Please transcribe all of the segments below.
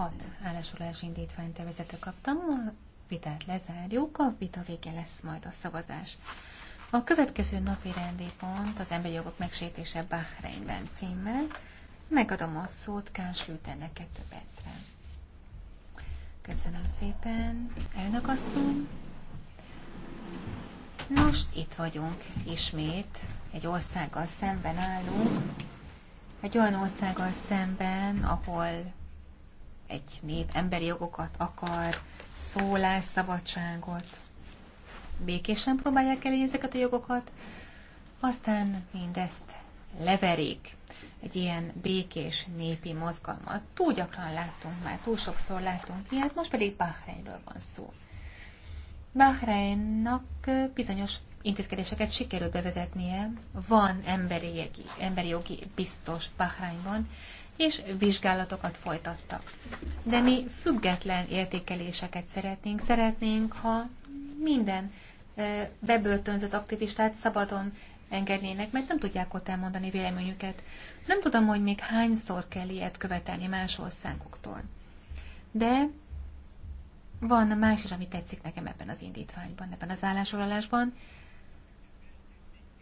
Hat állásolási indítványt tervezetre kaptam, a vitát lezárjuk, a vita vége lesz majd a szavazás. A következő napi rendi pont az emberi jogok megsértése Bahreinben címmel. Megadom a szót Káns Lütennek kettő percre. Köszönöm szépen, elnök asszony. Most itt vagyunk ismét, egy országgal szemben állunk, egy olyan országgal szemben, ahol egy nép emberi jogokat akar, szólásszabadságot, békésen próbálják elérni ezeket a jogokat, aztán mindezt leverik egy ilyen békés népi mozgalmat. Túl gyakran láttunk már, túl sokszor láttunk ilyet, most pedig Bahreinről van szó. Bahreinnak bizonyos intézkedéseket sikerült bevezetnie, van emberi jogi, emberi jogi biztos Bahreinban, és vizsgálatokat folytattak. De mi független értékeléseket szeretnénk. Szeretnénk, ha minden bebörtönzött aktivistát szabadon engednének, mert nem tudják ott elmondani véleményüket. Nem tudom, hogy még hányszor kell ilyet követelni más országoktól. De van más is, ami tetszik nekem ebben az indítványban, ebben az állásolásban.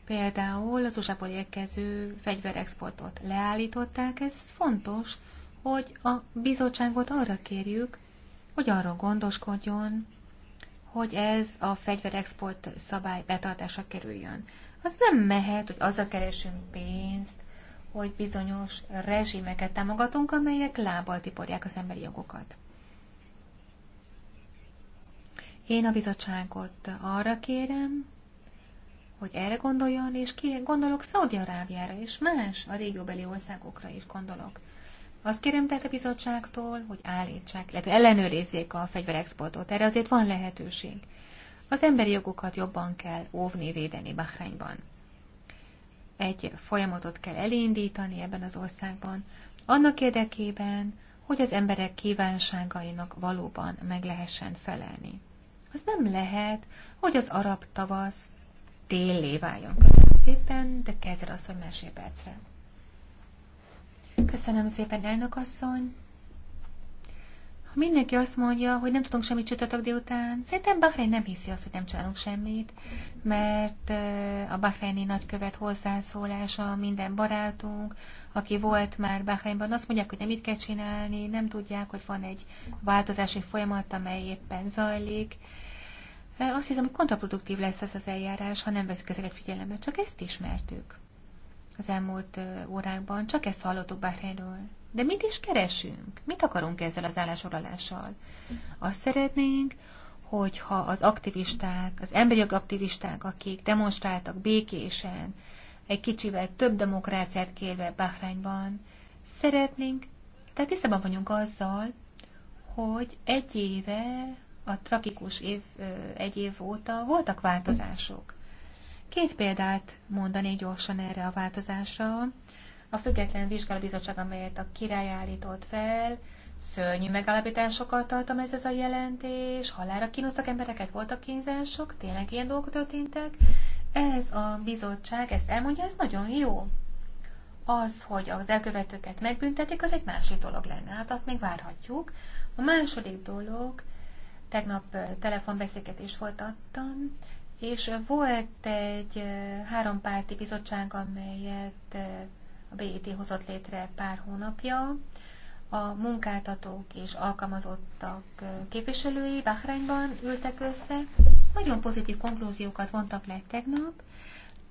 Például az usa érkező fegyverexportot leállították, ez fontos, hogy a bizottságot arra kérjük, hogy arról gondoskodjon, hogy ez a fegyverexport szabály betartása kerüljön. Az nem mehet, hogy azzal keresünk pénzt, hogy bizonyos rezsimeket támogatunk, amelyek lábbal tiporják az emberi jogokat. Én a bizottságot arra kérem, hogy erre gondoljon, és ki gondolok Szaudi-Arábiára és más a régióbeli országokra is gondolok. Azt kérem tehát a bizottságtól, hogy állítsák, illetve ellenőrizzék a fegyverexportot. Erre azért van lehetőség. Az emberi jogokat jobban kell óvni, védeni Bahrányban. Egy folyamatot kell elindítani ebben az országban, annak érdekében, hogy az emberek kívánságainak valóban meg lehessen felelni. Az nem lehet, hogy az arab tavasz téllé váljon. Köszönöm szépen, de kezdre asszony másfél percre. Köszönöm szépen, elnök asszony. Ha mindenki azt mondja, hogy nem tudunk semmit csütörtök délután, szerintem Bahrein nem hiszi azt, hogy nem csinálunk semmit, mert eh, a Bahreini nagykövet hozzászólása minden barátunk, aki volt már Bahreinban, azt mondják, hogy nem mit kell csinálni, nem tudják, hogy van egy változási folyamat, amely éppen zajlik, azt hiszem, hogy kontraproduktív lesz ez az eljárás, ha nem veszük ezeket figyelembe. Csak ezt ismertük az elmúlt órákban, csak ezt hallottuk bárhelyről. De mit is keresünk? Mit akarunk ezzel az állásolalással? Azt szeretnénk, hogyha az aktivisták, az emberi aktivisták, akik demonstráltak békésen, egy kicsivel több demokráciát kérve Bahrányban, szeretnénk, tehát tisztában vagyunk azzal, hogy egy éve a trakikus év, egy év óta voltak változások. Két példát mondanék gyorsan erre a változásra. A független vizsgálóbizottság, amelyet a király állított fel, szörnyű megállapításokat tartalmaz ez a jelentés, halára kínoztak embereket, voltak kínzások, tényleg ilyen dolgok történtek. Ez a bizottság ezt elmondja, ez nagyon jó. Az, hogy az elkövetőket megbüntetik, az egy másik dolog lenne. Hát azt még várhatjuk. A második dolog, Tegnap telefonbeszélgetést folytattam, és volt egy hárompárti bizottság, amelyet a BIT e hozott létre pár hónapja, a munkáltatók és alkalmazottak képviselői Bahreinban ültek össze. Nagyon pozitív konklúziókat vontak le tegnap.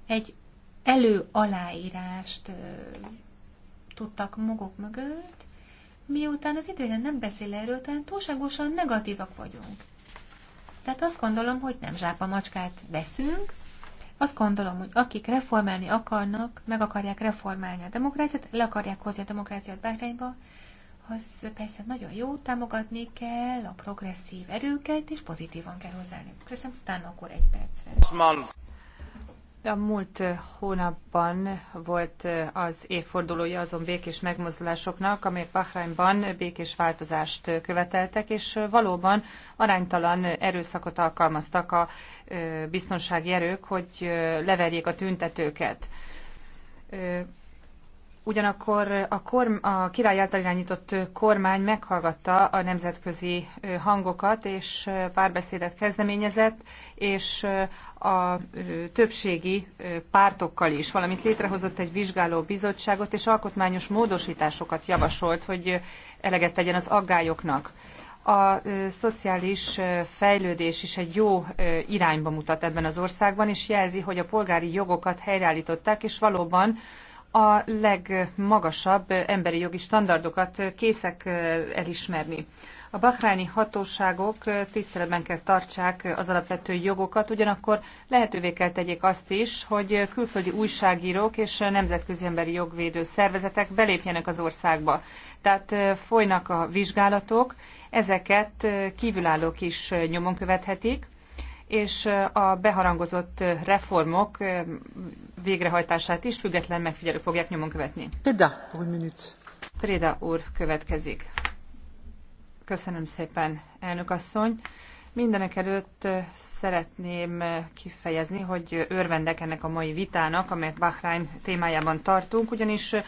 Egy előaláírást tudtak maguk mögött, miután az időjelen nem beszél erről, talán túlságosan negatívak vagyunk. Tehát azt gondolom, hogy nem zsákba macskát veszünk, azt gondolom, hogy akik reformálni akarnak, meg akarják reformálni a demokráciát, le akarják hozni a demokráciát Bahreinba, az persze nagyon jó, támogatni kell a progresszív erőket, és pozitívan kell hozzáállni. Köszönöm, utána akkor egy percre. A múlt eh, hónapban volt eh, az évfordulója azon békés megmozdulásoknak, amelyek Bahrainban békés változást eh, követeltek, és valóban aránytalan erőszakot alkalmaztak a biztonsági erők, hogy leverjék a tüntetőket. Ugyanakkor a, korm, a király által irányított kormány meghallgatta a nemzetközi hangokat, és párbeszédet kezdeményezett, és a többségi pártokkal is, valamint létrehozott egy vizsgáló bizottságot, és alkotmányos módosításokat javasolt, hogy eleget tegyen az aggályoknak. A szociális fejlődés is egy jó irányba mutat ebben az országban, és jelzi, hogy a polgári jogokat helyreállították, és valóban a legmagasabb emberi jogi standardokat készek elismerni. A bahráni hatóságok tiszteletben kell tartsák az alapvető jogokat, ugyanakkor lehetővé kell tegyék azt is, hogy külföldi újságírók és nemzetközi emberi jogvédő szervezetek belépjenek az országba. Tehát folynak a vizsgálatok, ezeket kívülállók is nyomon követhetik és a beharangozott reformok végrehajtását is független megfigyelők fogják nyomon követni. Preda úr következik. Köszönöm szépen, elnök asszony. Mindenek előtt eh, szeretném eh, kifejezni, hogy örvendek ennek a mai vitának, amelyet Bahrain témájában tartunk, ugyanis eh,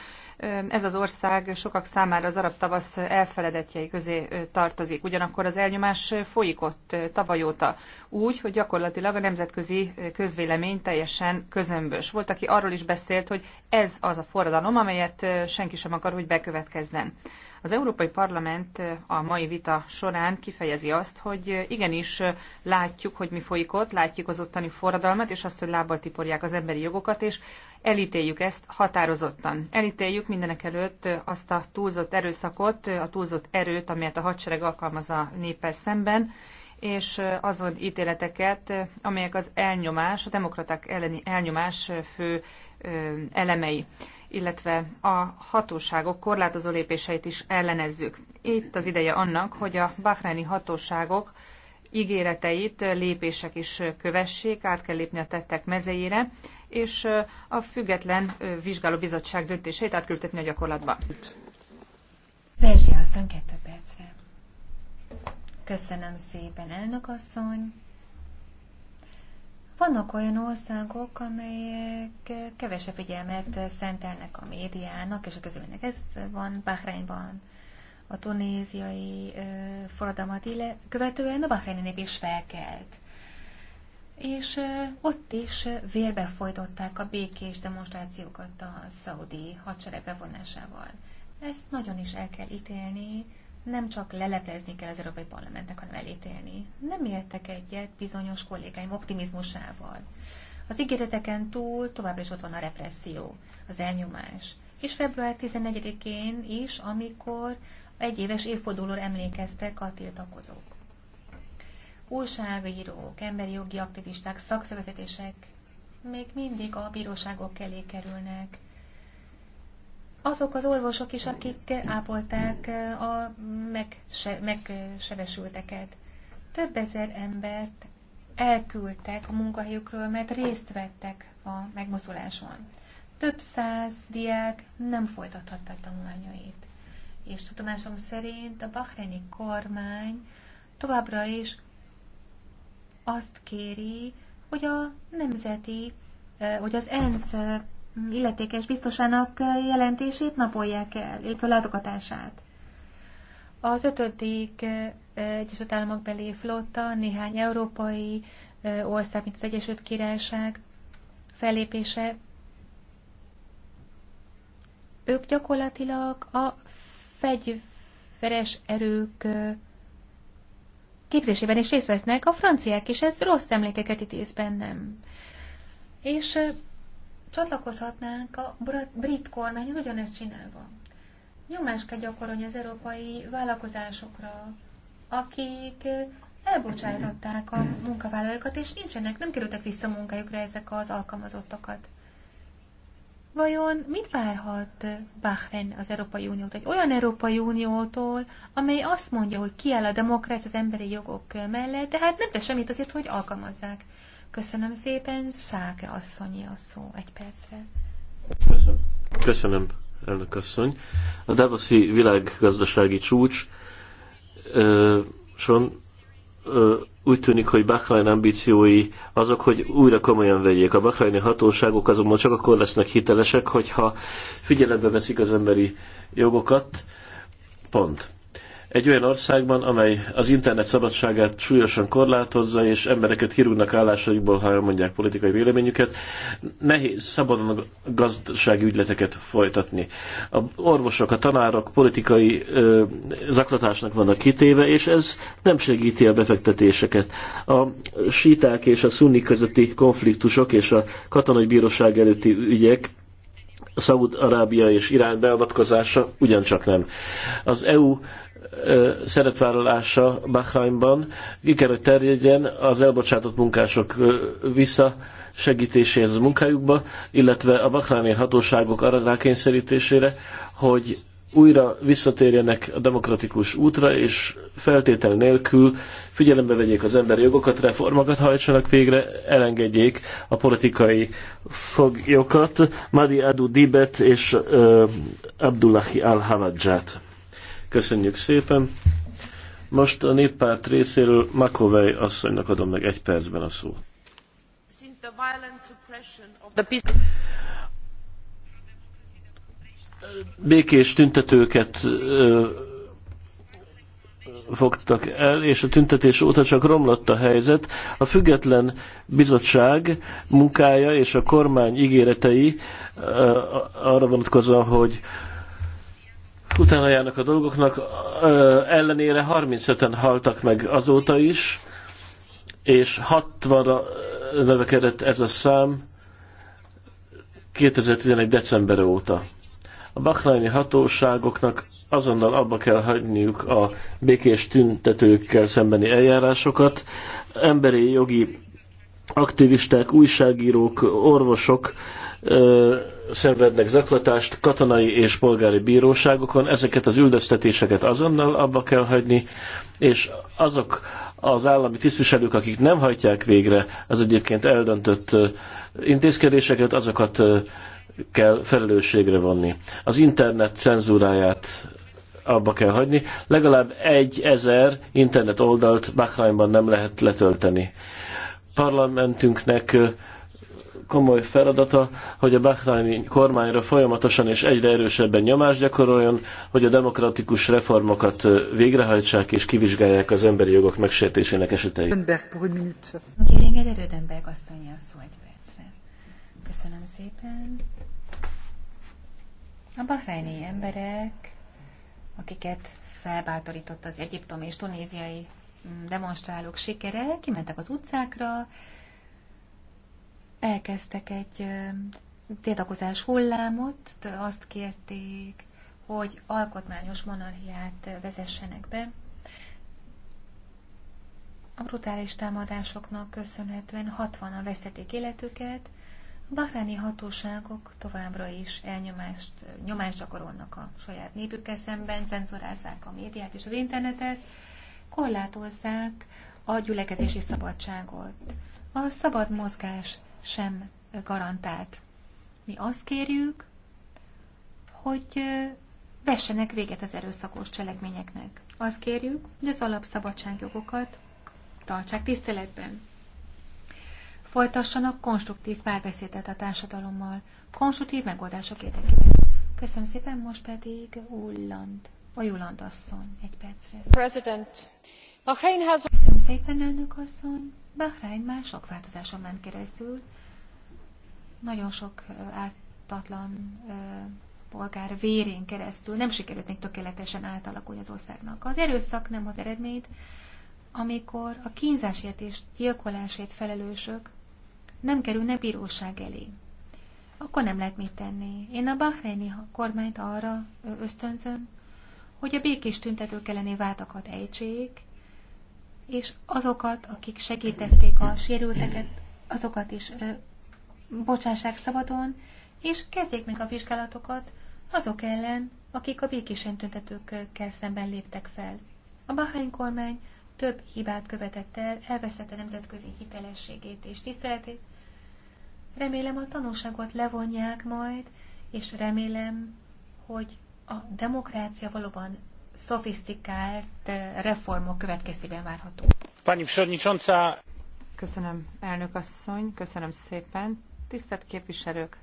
ez az ország sokak számára az arab tavasz elfeledetjei közé tartozik. Ugyanakkor az elnyomás folyik ott tavaly óta úgy, hogy gyakorlatilag a nemzetközi közvélemény teljesen közömbös. Volt, aki arról is beszélt, hogy ez az a forradalom, amelyet senki sem akar, hogy bekövetkezzen. Az Európai Parlament eh, a mai vita során kifejezi azt, hogy eh, igenis eh, látjuk, hogy mi folyik ott, látjuk az ottani forradalmat, és azt, hogy lábbal tiporják az emberi jogokat, és elítéljük ezt határozottan. Elítéljük mindenek előtt azt a túlzott erőszakot, a túlzott erőt, amelyet a hadsereg alkalmaz a néppel szemben, és azon ítéleteket, amelyek az elnyomás, a demokraták elleni elnyomás fő elemei illetve a hatóságok korlátozó lépéseit is ellenezzük. Itt az ideje annak, hogy a bahreini hatóságok ígéreteit lépések is kövessék, át kell lépni a tettek mezeire, és a független vizsgálóbizottság döntését átküldtetni a gyakorlatba. Vezsi asszony, kettő percre. Köszönöm szépen, elnök asszony. Vannak olyan országok, amelyek kevesebb figyelmet szentelnek a médiának és a közülnek. Ez van Bahreinban, a tunéziai forradalmat követően a bahreini nép is felkelt. És ott is vérbe folytották a békés demonstrációkat a szaudi hadsereg bevonásával. Ezt nagyon is el kell ítélni, nem csak leleplezni kell az Európai Parlamentnek, hanem elítélni. Nem értek egyet bizonyos kollégáim optimizmusával. Az ígéreteken túl továbbra is ott van a represszió, az elnyomás. És február 14-én is, amikor egy éves évfordulóra emlékeztek a tiltakozók. Újságírók, emberi jogi aktivisták, szakszervezetések még mindig a bíróságok elé kerülnek, azok az orvosok is, akik ápolták a megse, megsebesülteket. Több ezer embert elküldtek a munkahelyükről, mert részt vettek a megmozduláson. Több száz diák nem folytathatta a tanulmányait. És tudomásom szerint a bahreini kormány továbbra is azt kéri, hogy a nemzeti, hogy az ENSZ illetékes biztosának jelentését napolják el, illetve látogatását. Az ötödik eh, Egyesült Államok belé flotta, néhány európai eh, ország, mint az Egyesült Királyság fellépése, ők gyakorlatilag a fegyveres erők eh, képzésében is részt vesznek, a franciák is, ez rossz emlékeket idéz bennem. És csatlakozhatnánk a brit kormányhoz ugyanezt csinálva. Nyomást kell gyakorolni az európai vállalkozásokra, akik elbocsátották a munkavállalókat, és nincsenek, nem kerültek vissza a munkájukra ezek az alkalmazottakat. Vajon mit várhat Bahrein az Európai Uniótól? Egy olyan Európai Uniótól, amely azt mondja, hogy kiáll a demokrácia az emberi jogok mellett, tehát nem tesz semmit azért, hogy alkalmazzák. Köszönöm szépen, Sáke asszonyi a szó egy percre. Köszönöm. Köszönöm, elnök asszony. A Davoszi világgazdasági csúcs ö, son úgy tűnik, hogy Bahrain ambíciói azok, hogy újra komolyan vegyék. A bahraini hatóságok azonban csak akkor lesznek hitelesek, hogyha figyelembe veszik az emberi jogokat. Pont egy olyan országban, amely az internet szabadságát súlyosan korlátozza, és embereket kirúgnak állásaikból, ha elmondják politikai véleményüket, nehéz szabadon gazdasági ügyleteket folytatni. A orvosok, a tanárok politikai ö, zaklatásnak vannak kitéve, és ez nem segíti a befektetéseket. A síták és a szunnik közötti konfliktusok és a katonai bíróság előtti ügyek Szaúd-Arábia és Irán beavatkozása ugyancsak nem. Az EU szerepvállalása Bahrainban ki kell, hogy terjedjen az elbocsátott munkások vissza segítéséhez a munkájukba, illetve a bahráni hatóságok arra rákényszerítésére, hogy újra visszatérjenek a demokratikus útra, és feltétel nélkül figyelembe vegyék az emberi jogokat, reformokat hajtsanak végre, elengedjék a politikai foglyokat, Madi Adu Dibet és uh, Abdullahi al-Havadzsát. Köszönjük szépen. Most a néppárt részéről Makovej asszonynak adom meg egy percben a szót. Békés tüntetőket ö, fogtak el, és a tüntetés óta csak romlott a helyzet. A független bizottság munkája és a kormány ígéretei ö, arra vonatkozóan, hogy utána járnak a dolgoknak, ellenére 35-en haltak meg azóta is, és 60-ra növekedett ez a szám 2011. december óta. A bahraini hatóságoknak azonnal abba kell hagyniuk a békés tüntetőkkel szembeni eljárásokat. Emberi jogi aktivisták, újságírók, orvosok, szenvednek zaklatást katonai és polgári bíróságokon, ezeket az üldöztetéseket azonnal abba kell hagyni, és azok az állami tisztviselők, akik nem hajtják végre az egyébként eldöntött intézkedéseket, azokat kell felelősségre vonni. Az internet cenzúráját abba kell hagyni. Legalább egy ezer internet oldalt Bahrainban nem lehet letölteni. Parlamentünknek komoly feladata, hogy a Bahraini kormányra folyamatosan és egyre erősebben nyomást gyakoroljon, hogy a demokratikus reformokat végrehajtsák és kivizsgálják az emberi jogok megsértésének eseteit. Kérjék, Rödenberg asszony a szó egy percre. Köszönöm szépen. A bahráni emberek, akiket felbátorított az egyiptomi és tunéziai mm, demonstrálók sikere, kimentek az utcákra, elkezdtek egy tiltakozás hullámot, azt kérték, hogy alkotmányos monarhiát vezessenek be. A brutális támadásoknak köszönhetően 60-an veszették életüket, a bahráni hatóságok továbbra is elnyomást nyomást gyakorolnak a saját népükkel szemben, cenzorázzák a médiát és az internetet, korlátozzák a gyülekezési szabadságot. A szabad mozgás sem garantált. Mi azt kérjük, hogy vessenek véget az erőszakos cselekményeknek. Azt kérjük, hogy az alapszabadságjogokat tartsák tiszteletben. Folytassanak konstruktív párbeszédet a társadalommal, konstruktív megoldások érdekében. Köszönöm szépen, most pedig Ulland, Ojuland asszony, egy percre. President, Bahrain has... Köszönöm szépen, elnök asszony. Bahrein már sok változáson ment keresztül, nagyon sok ártatlan polgár vérén keresztül nem sikerült még tökéletesen átalakulni az országnak. Az erőszak nem az eredményt, amikor a kínzásért és gyilkolásért felelősök nem kerülnek bíróság elé. Akkor nem lehet mit tenni. Én a bahreini kormányt arra ösztönzöm, hogy a békés tüntetők elleni vádakat ejtsék, és azokat, akik segítették a sérülteket, azokat is ö, bocsássák szabadon, és kezdjék meg a vizsgálatokat azok ellen, akik a békésen tüntetőkkel szemben léptek fel. A Bahrain kormány több hibát követett el, elveszette nemzetközi hitelességét és tiszteletét. Remélem a tanulságot levonják majd, és remélem, hogy a demokrácia valóban szofisztikált eh, reformok következtében várható. Pani Przewodnicząca! Köszönöm, elnök asszony, köszönöm szépen. Tisztelt képviselők!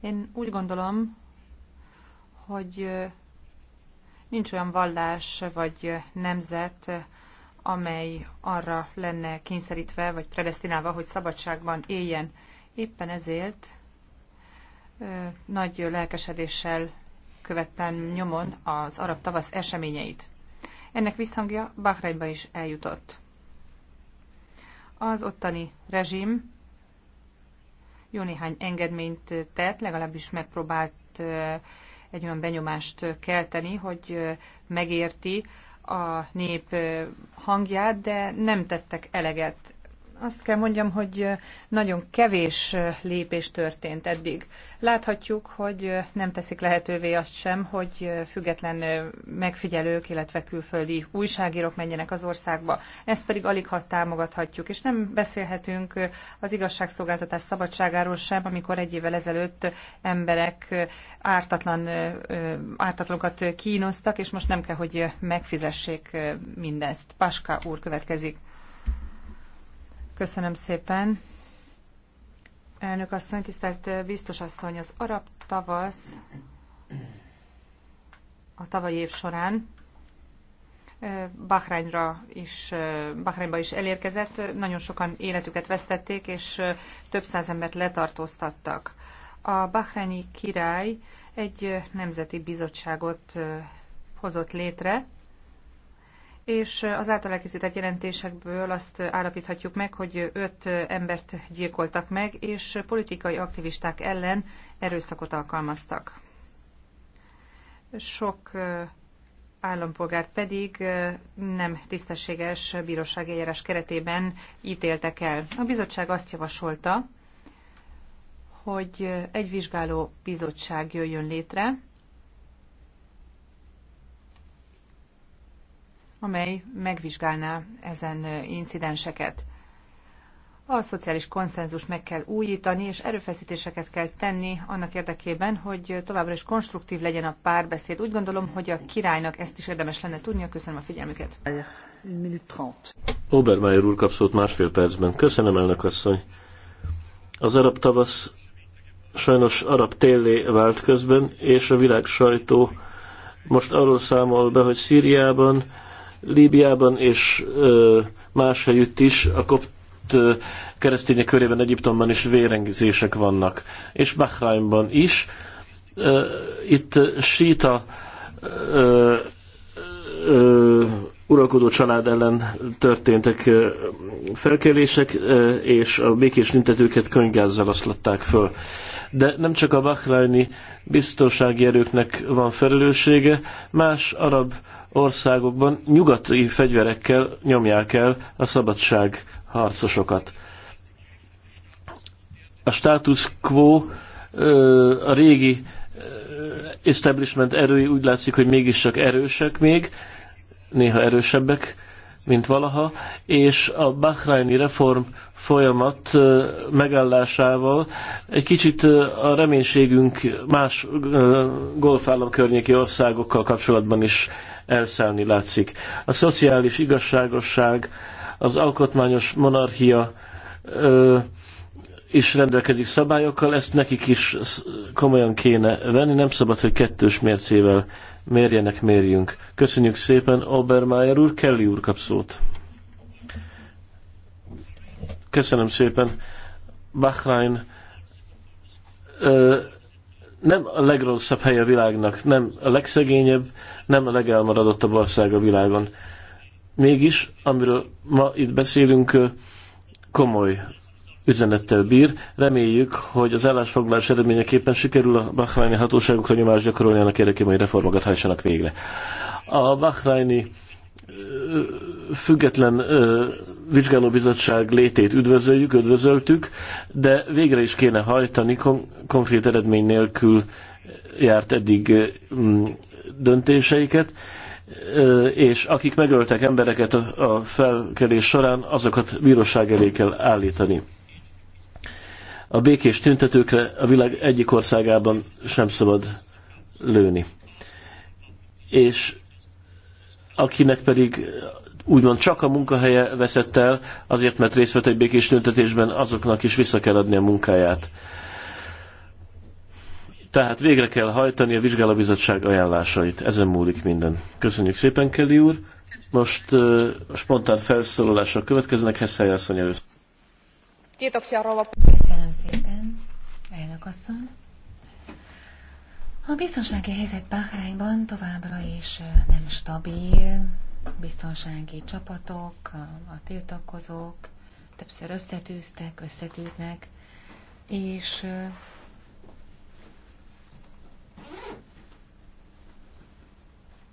Én úgy gondolom, hogy eh, nincs olyan vallás vagy eh, nemzet, amely arra lenne kényszerítve vagy predestinálva, hogy szabadságban éljen. Éppen ezért nagy lelkesedéssel követten nyomon az arab tavasz eseményeit. Ennek visszhangja Bahreinba is eljutott. Az ottani rezsim jó néhány engedményt tett, legalábbis megpróbált egy olyan benyomást kelteni, hogy megérti a nép hangját, de nem tettek eleget azt kell mondjam, hogy nagyon kevés lépés történt eddig. Láthatjuk, hogy nem teszik lehetővé azt sem, hogy független megfigyelők, illetve külföldi újságírók menjenek az országba. Ezt pedig alig ha támogathatjuk, és nem beszélhetünk az igazságszolgáltatás szabadságáról sem, amikor egy évvel ezelőtt emberek ártatlan, ártatlanokat kínoztak, és most nem kell, hogy megfizessék mindezt. Paska úr következik. Köszönöm szépen. Elnök asszony, tisztelt biztos asszony, az arab tavasz a tavalyi év során Bahrányra is, Bahrányba is elérkezett. Nagyon sokan életüket vesztették, és több száz embert letartóztattak. A bahrányi király egy nemzeti bizottságot hozott létre, és az által elkészített jelentésekből azt állapíthatjuk meg, hogy öt embert gyilkoltak meg, és politikai aktivisták ellen erőszakot alkalmaztak. Sok állampolgárt pedig nem tisztességes bírósági eljárás keretében ítéltek el. A bizottság azt javasolta, hogy egy vizsgáló bizottság jöjjön létre, amely megvizsgálná ezen incidenseket. A szociális konszenzus meg kell újítani, és erőfeszítéseket kell tenni annak érdekében, hogy továbbra is konstruktív legyen a párbeszéd. Úgy gondolom, hogy a királynak ezt is érdemes lenne tudnia. Köszönöm a figyelmüket. Obermeier úr kap szót másfél percben. Köszönöm, elnök asszony. Az arab tavasz sajnos arab téllé vált közben, és a világ sajtó most arról számol be, hogy Szíriában Líbiában és más helyütt is a kopt keresztények körében Egyiptomban is vérengzések vannak, és Bahrainban is. Itt síta uralkodó család ellen történtek felkelések, és a békés nintetőket könygázzal aszlatták föl. De nem csak a bahraini biztonsági erőknek van felelőssége, más arab országokban nyugati fegyverekkel nyomják el a szabadság harcosokat. A status quo, a régi establishment erői úgy látszik, hogy mégis erősek még, néha erősebbek, mint valaha, és a Bahraini reform folyamat megállásával egy kicsit a reménységünk más golfállam környéki országokkal kapcsolatban is elszállni látszik. A szociális igazságosság, az alkotmányos monarchia, is rendelkezik szabályokkal, ezt nekik is komolyan kéne venni, nem szabad, hogy kettős mércével mérjenek, mérjünk. Köszönjük szépen, Obermeyer úr, Kelly úr kap szót. Köszönöm szépen. Bahrain nem a legrosszabb hely a világnak, nem a legszegényebb, nem a legelmaradottabb ország a világon. Mégis, amiről ma itt beszélünk, komoly üzenettel bír. Reméljük, hogy az állásfoglalás eredményeképpen sikerül a bahrajni hatóságokra nyomást gyakorolni annak érdekében, hogy reformokat hajtsanak végre. A bahrajni független vizsgálóbizottság létét üdvözöljük, üdvözöltük, de végre is kéne hajtani kon- konkrét eredmény nélkül járt eddig döntéseiket, és akik megöltek embereket a felkelés során, azokat bíróság elé kell állítani. A békés tüntetőkre a világ egyik országában sem szabad lőni. És akinek pedig úgymond csak a munkahelye veszett el, azért mert részt vett egy békés tüntetésben, azoknak is vissza kell adni a munkáját. Tehát végre kell hajtani a vizsgálóbizottság ajánlásait. Ezen múlik minden. Köszönjük szépen, Kelly úr. Most uh, spontán felszólalások következnek. Hesszájászony először. Kiitoksia, rouva. Köszönöm szépen, elnök asszony. A biztonsági helyzet Bahreinban továbbra is nem stabil. Biztonsági csapatok, a tiltakozók többször összetűztek, összetűznek, és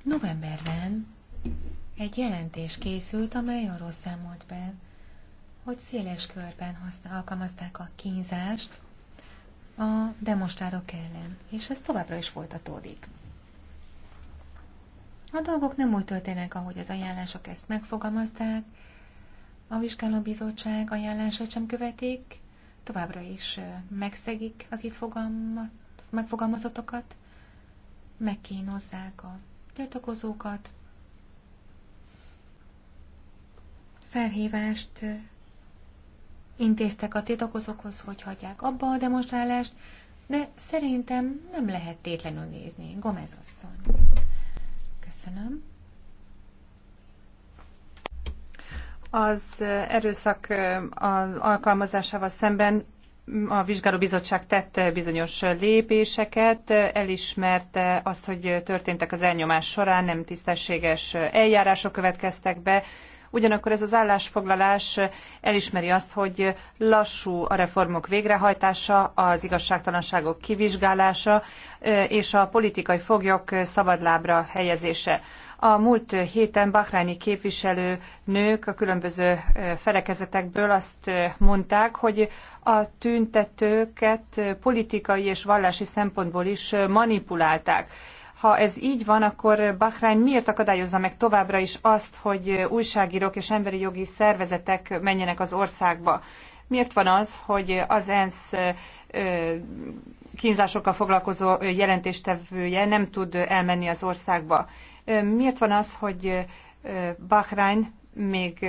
novemberben egy jelentés készült, amely arról számolt be, hogy széles körben használ, alkalmazták a kínzást a demonstrálók ellen, és ez továbbra is folytatódik. A dolgok nem úgy történnek, ahogy az ajánlások ezt megfogalmazták, a vizsgálóbizottság ajánlását sem követik, továbbra is megszegik az itt fogalmat, megfogalmazottakat, megkínozzák a tiltakozókat, felhívást intéztek a tétakozókhoz, hogy hagyják abba a demonstrálást, de szerintem nem lehet tétlenül nézni. Gomez asszony. Köszönöm. Az erőszak alkalmazásával szemben a vizsgálóbizottság tett bizonyos lépéseket, elismerte azt, hogy történtek az elnyomás során, nem tisztességes eljárások következtek be, Ugyanakkor ez az állásfoglalás elismeri azt, hogy lassú a reformok végrehajtása, az igazságtalanságok kivizsgálása és a politikai foglyok szabadlábra helyezése. A múlt héten bahráni képviselő nők a különböző felekezetekből azt mondták, hogy a tüntetőket politikai és vallási szempontból is manipulálták ha ez így van, akkor Bahrein miért akadályozza meg továbbra is azt, hogy újságírók és emberi jogi szervezetek menjenek az országba? Miért van az, hogy az ENSZ kínzásokkal foglalkozó jelentéstevője nem tud elmenni az országba? Miért van az, hogy Bahrein még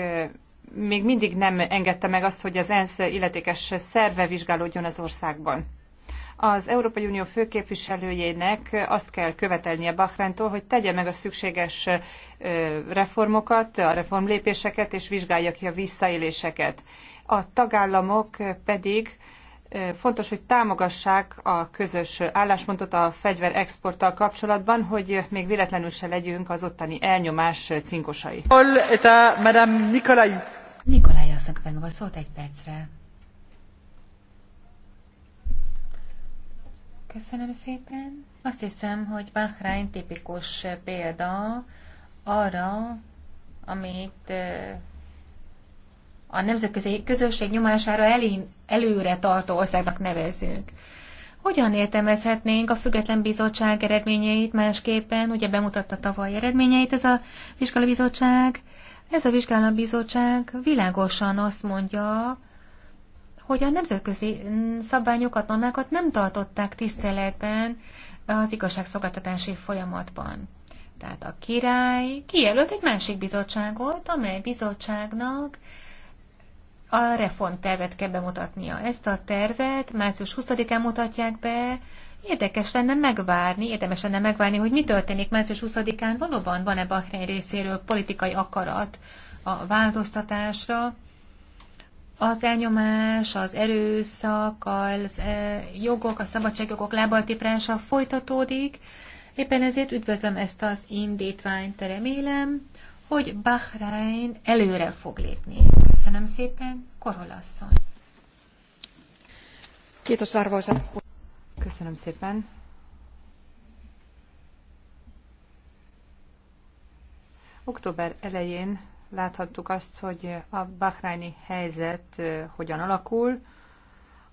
még mindig nem engedte meg azt, hogy az ENSZ illetékes szerve vizsgálódjon az országban. Az Európai Unió főképviselőjének azt kell követelnie Bahreintól, hogy tegye meg a szükséges reformokat, a reformlépéseket, és vizsgálja ki a visszaéléseket. A tagállamok pedig fontos, hogy támogassák a közös álláspontot a fegyver exporttal kapcsolatban, hogy még véletlenül se legyünk az ottani elnyomás cinkosai. Nikolai. Nikolai a szakben egy percre. Köszönöm szépen. Azt hiszem, hogy Bahrain tipikus példa arra, amit a nemzetközi közösség nyomására előre tartó országnak nevezünk. Hogyan értelmezhetnénk a független bizottság eredményeit másképpen? Ugye bemutatta tavaly eredményeit ez a vizsgálóbizottság. Ez a vizsgálóbizottság világosan azt mondja, hogy a nemzetközi szabványokat, normákat nem tartották tiszteletben az igazságszolgáltatási folyamatban. Tehát a király kijelölt egy másik bizottságot, amely bizottságnak a reformtervet kell bemutatnia. Ezt a tervet március 20-án mutatják be, Érdekes lenne megvárni, érdemes lenne megvárni, hogy mi történik március 20-án. Valóban van-e Bahrein részéről politikai akarat a változtatásra? az elnyomás, az erőszak, az e, jogok, a szabadságjogok lábaltiprása folytatódik. Éppen ezért üdvözlöm ezt az indítványt, remélem, hogy Bahrein előre fog lépni. Köszönöm szépen, Korolasszony. Kiitos arvoisa. Köszönöm szépen. Október elején láthattuk azt, hogy a bahráni helyzet hogyan alakul.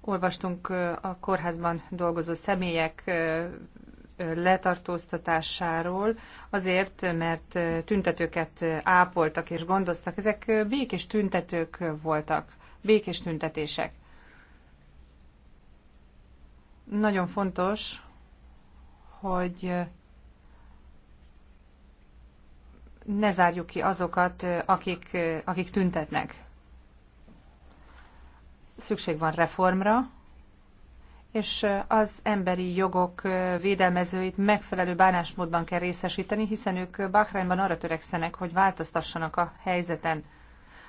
Olvastunk a kórházban dolgozó személyek letartóztatásáról, azért, mert tüntetőket ápoltak és gondoztak. Ezek békés tüntetők voltak, békés tüntetések. Nagyon fontos, hogy ne zárjuk ki azokat, akik, akik tüntetnek. Szükség van reformra, és az emberi jogok védelmezőit megfelelő bánásmódban kell részesíteni, hiszen ők Bahrainban arra törekszenek, hogy változtassanak a helyzeten.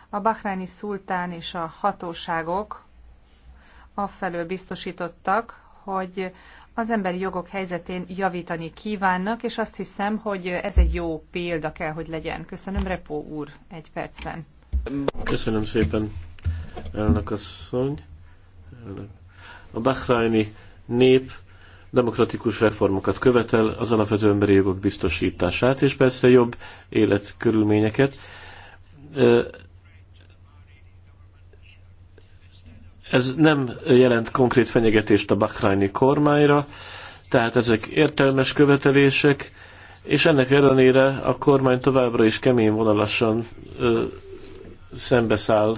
A bahraini szultán és a hatóságok afelől biztosítottak, hogy az emberi jogok helyzetén javítani kívánnak, és azt hiszem, hogy ez egy jó példa kell, hogy legyen. Köszönöm, Repó úr, egy percben. Köszönöm szépen, elnök asszony. A bahraini nép demokratikus reformokat követel, az alapvető emberi jogok biztosítását, és persze jobb életkörülményeket Ez nem jelent konkrét fenyegetést a bakrányi kormányra, tehát ezek értelmes követelések, és ennek ellenére a kormány továbbra is kemény vonalasan ö, szembeszáll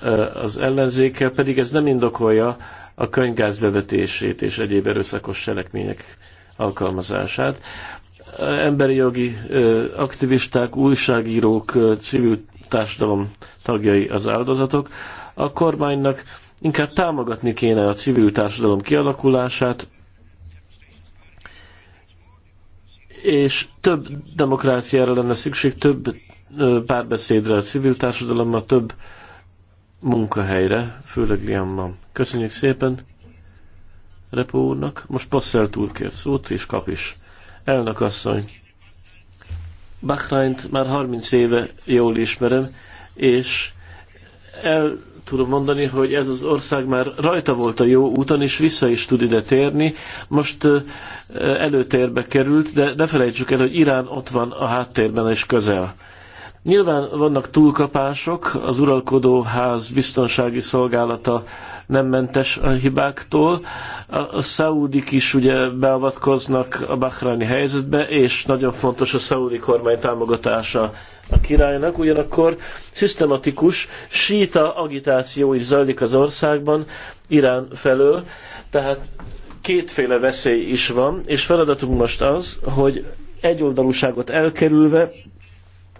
ö, az ellenzékkel, pedig ez nem indokolja a könyvgáz bevetését és egyéb erőszakos cselekmények alkalmazását. Emberi jogi ö, aktivisták, újságírók, ö, civil társadalom tagjai az áldozatok. A kormánynak Inkább támogatni kéne a civil társadalom kialakulását, és több demokráciára lenne szükség, több párbeszédre a civil társadalommal, több munkahelyre, főleg Liamban. Köszönjük szépen Repó úrnak. Most Passzel túl kért szót, és kap is. Elnök asszony. Bahrányt már 30 éve jól ismerem, és el tudom mondani, hogy ez az ország már rajta volt a jó úton, és vissza is tud ide térni. Most előtérbe került, de ne felejtsük el, hogy Irán ott van a háttérben és közel. Nyilván vannak túlkapások, az uralkodó ház biztonsági szolgálata nem mentes a hibáktól. A, a szaúdik is ugye beavatkoznak a bahráni helyzetbe, és nagyon fontos a szaúdi kormány támogatása a királynak, ugyanakkor szisztematikus síta agitáció is zajlik az országban Irán felől, tehát kétféle veszély is van, és feladatunk most az, hogy egyoldalúságot elkerülve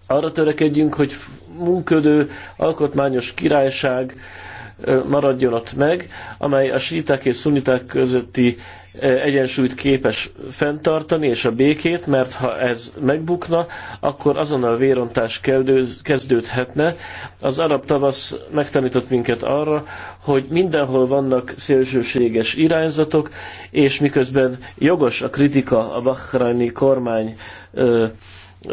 arra törekedjünk, hogy munködő, alkotmányos királyság maradjon ott meg, amely a síták és szuniták közötti egyensúlyt képes fenntartani, és a békét, mert ha ez megbukna, akkor azonnal vérontás kezdődhetne. Az arab tavasz megtanított minket arra, hogy mindenhol vannak szélsőséges irányzatok, és miközben jogos a kritika a bahraini kormány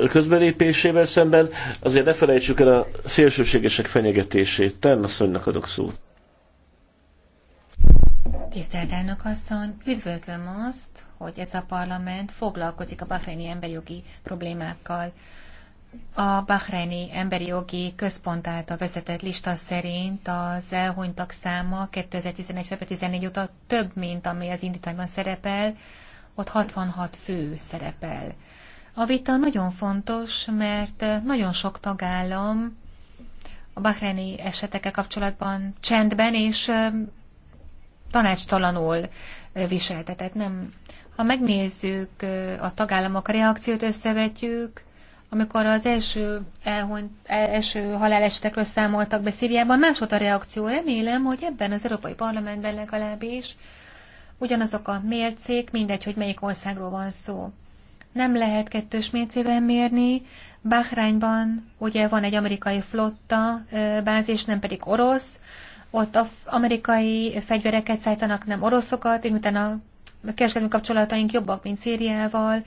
közbelépésével szemben, azért ne felejtsük el a szélsőségesek fenyegetését. Ternasszonynak adok szót. Tisztelt elnök asszony, üdvözlöm azt, hogy ez a parlament foglalkozik a bahreini emberjogi problémákkal. A Bahreini Emberi Jogi Központ által vezetett lista szerint az elhunytak száma 2011. február 14 óta több, mint ami az indítványban szerepel, ott 66 fő szerepel. A vita nagyon fontos, mert nagyon sok tagállam a bahreini esetekkel kapcsolatban csendben és tanácstalanul viseltetett. Nem. Ha megnézzük a tagállamok reakciót, összevetjük, amikor az első, elhont, első halálesetekről számoltak be Szíriában, más volt a reakció. Remélem, hogy ebben az Európai Parlamentben legalábbis ugyanazok a mércék, mindegy, hogy melyik országról van szó nem lehet kettős mércével mérni. Bahrányban ugye van egy amerikai flotta bázis, nem pedig orosz. Ott az amerikai fegyvereket szállítanak, nem oroszokat, és utána a kereskedelmi kapcsolataink jobbak, mint Szíriával,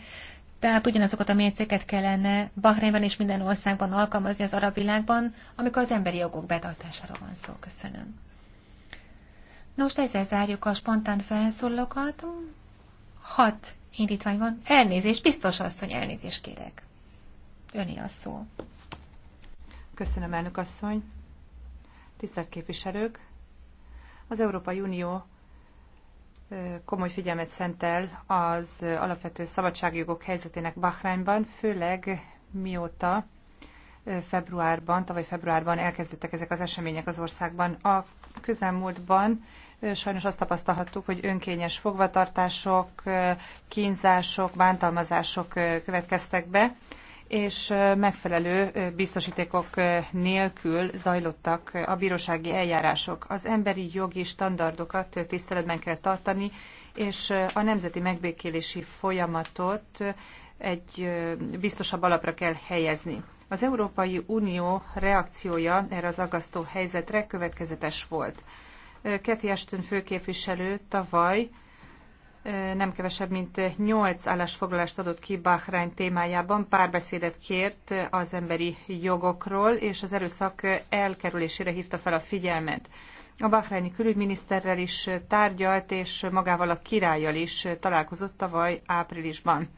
tehát ugyanazokat a mércéket kellene Bahreinben és minden országban alkalmazni az arab világban, amikor az emberi jogok betartására van szó. Köszönöm. Nos, ezzel zárjuk a spontán felszólókat. Hat indítvány van. Elnézést, biztos asszony, elnézést kérek. Öné a szó. Köszönöm, elnök asszony. Tisztelt képviselők! Az Európai Unió komoly figyelmet szentel az alapvető szabadságjogok helyzetének Bahreinban, főleg mióta februárban, tavaly februárban elkezdődtek ezek az események az országban. A közelmúltban sajnos azt tapasztalhattuk, hogy önkényes fogvatartások, kínzások, bántalmazások következtek be, és megfelelő biztosítékok nélkül zajlottak a bírósági eljárások. Az emberi jogi standardokat tiszteletben kell tartani, és a nemzeti megbékélési folyamatot egy biztosabb alapra kell helyezni. Az Európai Unió reakciója erre az aggasztó helyzetre következetes volt. Keti Ashton főképviselő tavaly nem kevesebb, mint nyolc állásfoglalást adott ki Bahrány témájában, párbeszédet kért az emberi jogokról, és az erőszak elkerülésére hívta fel a figyelmet. A bahráni külügyminiszterrel is tárgyalt, és magával a királlyal is találkozott tavaly áprilisban.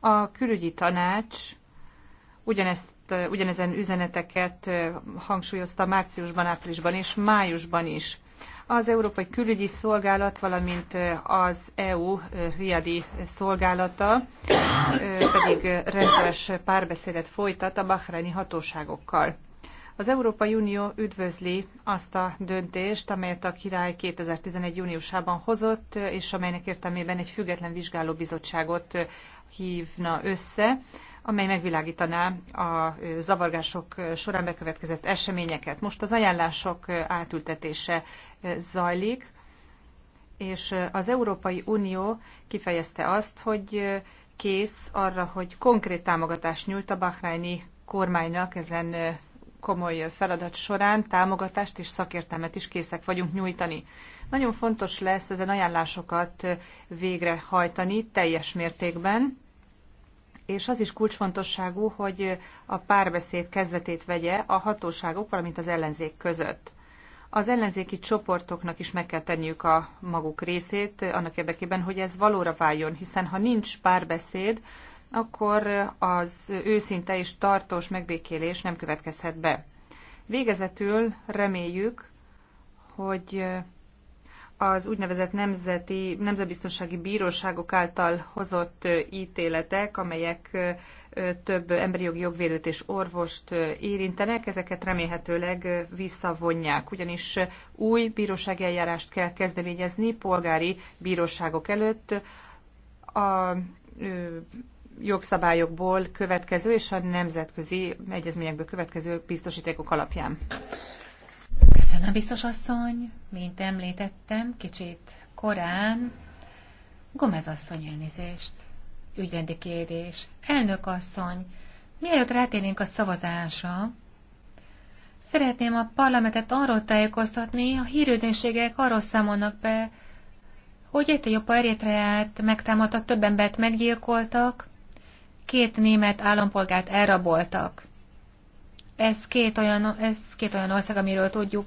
A külügyi tanács ugyanezt ugyanezen üzeneteket hangsúlyozta márciusban, áprilisban és májusban is. Az Európai Külügyi Szolgálat, valamint az EU riadi szolgálata pedig rendszeres párbeszédet folytat a bahreini hatóságokkal. Az Európai Unió üdvözli azt a döntést, amelyet a király 2011. júniusában hozott, és amelynek értelmében egy független vizsgálóbizottságot hívna össze, amely megvilágítaná a zavargások során bekövetkezett eseményeket. Most az ajánlások átültetése zajlik, és az Európai Unió kifejezte azt, hogy kész arra, hogy konkrét támogatást nyújt a bahrájni kormánynak ezen komoly feladat során támogatást és szakértelmet is készek vagyunk nyújtani. Nagyon fontos lesz ezen ajánlásokat végrehajtani teljes mértékben, és az is kulcsfontosságú, hogy a párbeszéd kezdetét vegye a hatóságok, valamint az ellenzék között. Az ellenzéki csoportoknak is meg kell tenniük a maguk részét annak érdekében, hogy ez valóra váljon, hiszen ha nincs párbeszéd, akkor az őszinte és tartós megbékélés nem következhet be. Végezetül reméljük, hogy az úgynevezett nemzeti, nemzetbiztonsági bíróságok által hozott ítéletek, amelyek több emberi jogi jogvédőt és orvost érintenek, ezeket remélhetőleg visszavonják, ugyanis új bírósági eljárást kell kezdeményezni polgári bíróságok előtt a jogszabályokból következő és a nemzetközi egyezményekből következő biztosítékok alapján. Köszönöm, biztos asszony. Mint említettem, kicsit korán. Gomez asszony elnézést. Ügyrendi kérdés. Elnök asszony, mielőtt rátérnénk a szavazásra, szeretném a parlamentet arról tájékoztatni, a hírődönségek arról számolnak be, hogy jobb Eritreát megtámadtak, több embert meggyilkoltak, két német állampolgárt elraboltak. Ez két olyan, ez két olyan ország, amiről tudjuk,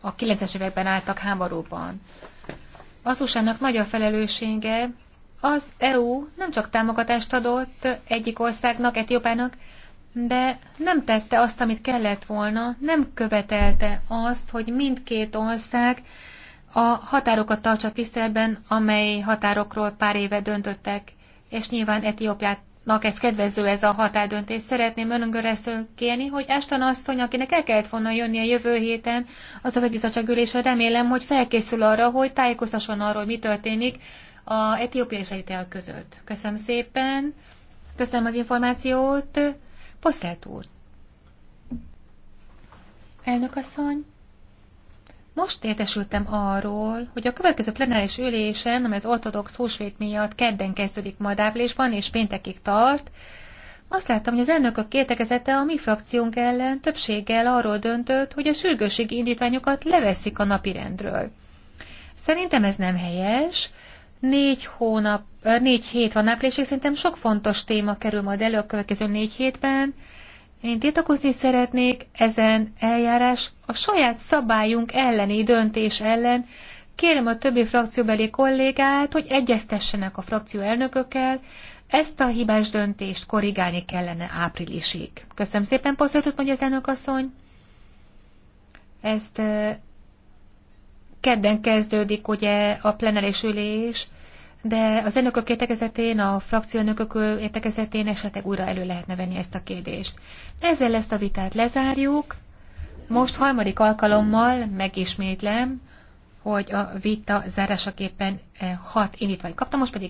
a 90-es években álltak háborúban. Az USA-nak nagy a felelőssége, az EU nem csak támogatást adott egyik országnak, Etiópának, de nem tette azt, amit kellett volna, nem követelte azt, hogy mindkét ország a határokat tartsa tiszteletben, amely határokról pár éve döntöttek, és nyilván Etiópiát Nak ez kedvező ez a határdöntés. Szeretném önöngöresztől kérni, hogy Eston asszony, akinek el kellett volna jönnie jövő héten, az a bizottságülésre remélem, hogy felkészül arra, hogy tájékoztasson arról, mi történik a etiópiai és között. Köszönöm szépen, köszönöm az információt. Posztelt úr. Elnök asszony, most értesültem arról, hogy a következő plenáris ülésen, amely az ortodox húsvét miatt kedden kezdődik majd áprilisban és péntekig tart, azt láttam, hogy az elnökök kétekezete a mi frakciónk ellen többséggel arról döntött, hogy a sürgősségi indítványokat leveszik a napirendről. Szerintem ez nem helyes. Négy hónap, négy hét van áprilisig, szerintem sok fontos téma kerül majd elő a következő négy hétben, én tiltakozni szeretnék ezen eljárás a saját szabályunk elleni döntés ellen. Kérem a többi frakcióbeli kollégát, hogy egyeztessenek a frakció elnökökkel, ezt a hibás döntést korrigálni kellene áprilisig. Köszönöm szépen, Poszétot mondja az elnök asszony. Ezt kedden kezdődik ugye a plenáris ülés, de az elnökök értekezetén, a frakciónökök értekezetén esetleg újra elő lehetne venni ezt a kérdést. Ezzel ezt a vitát lezárjuk. Most harmadik alkalommal megismétlem, hogy a vita zárásaképpen eh, hat indítványt kaptam, most pedig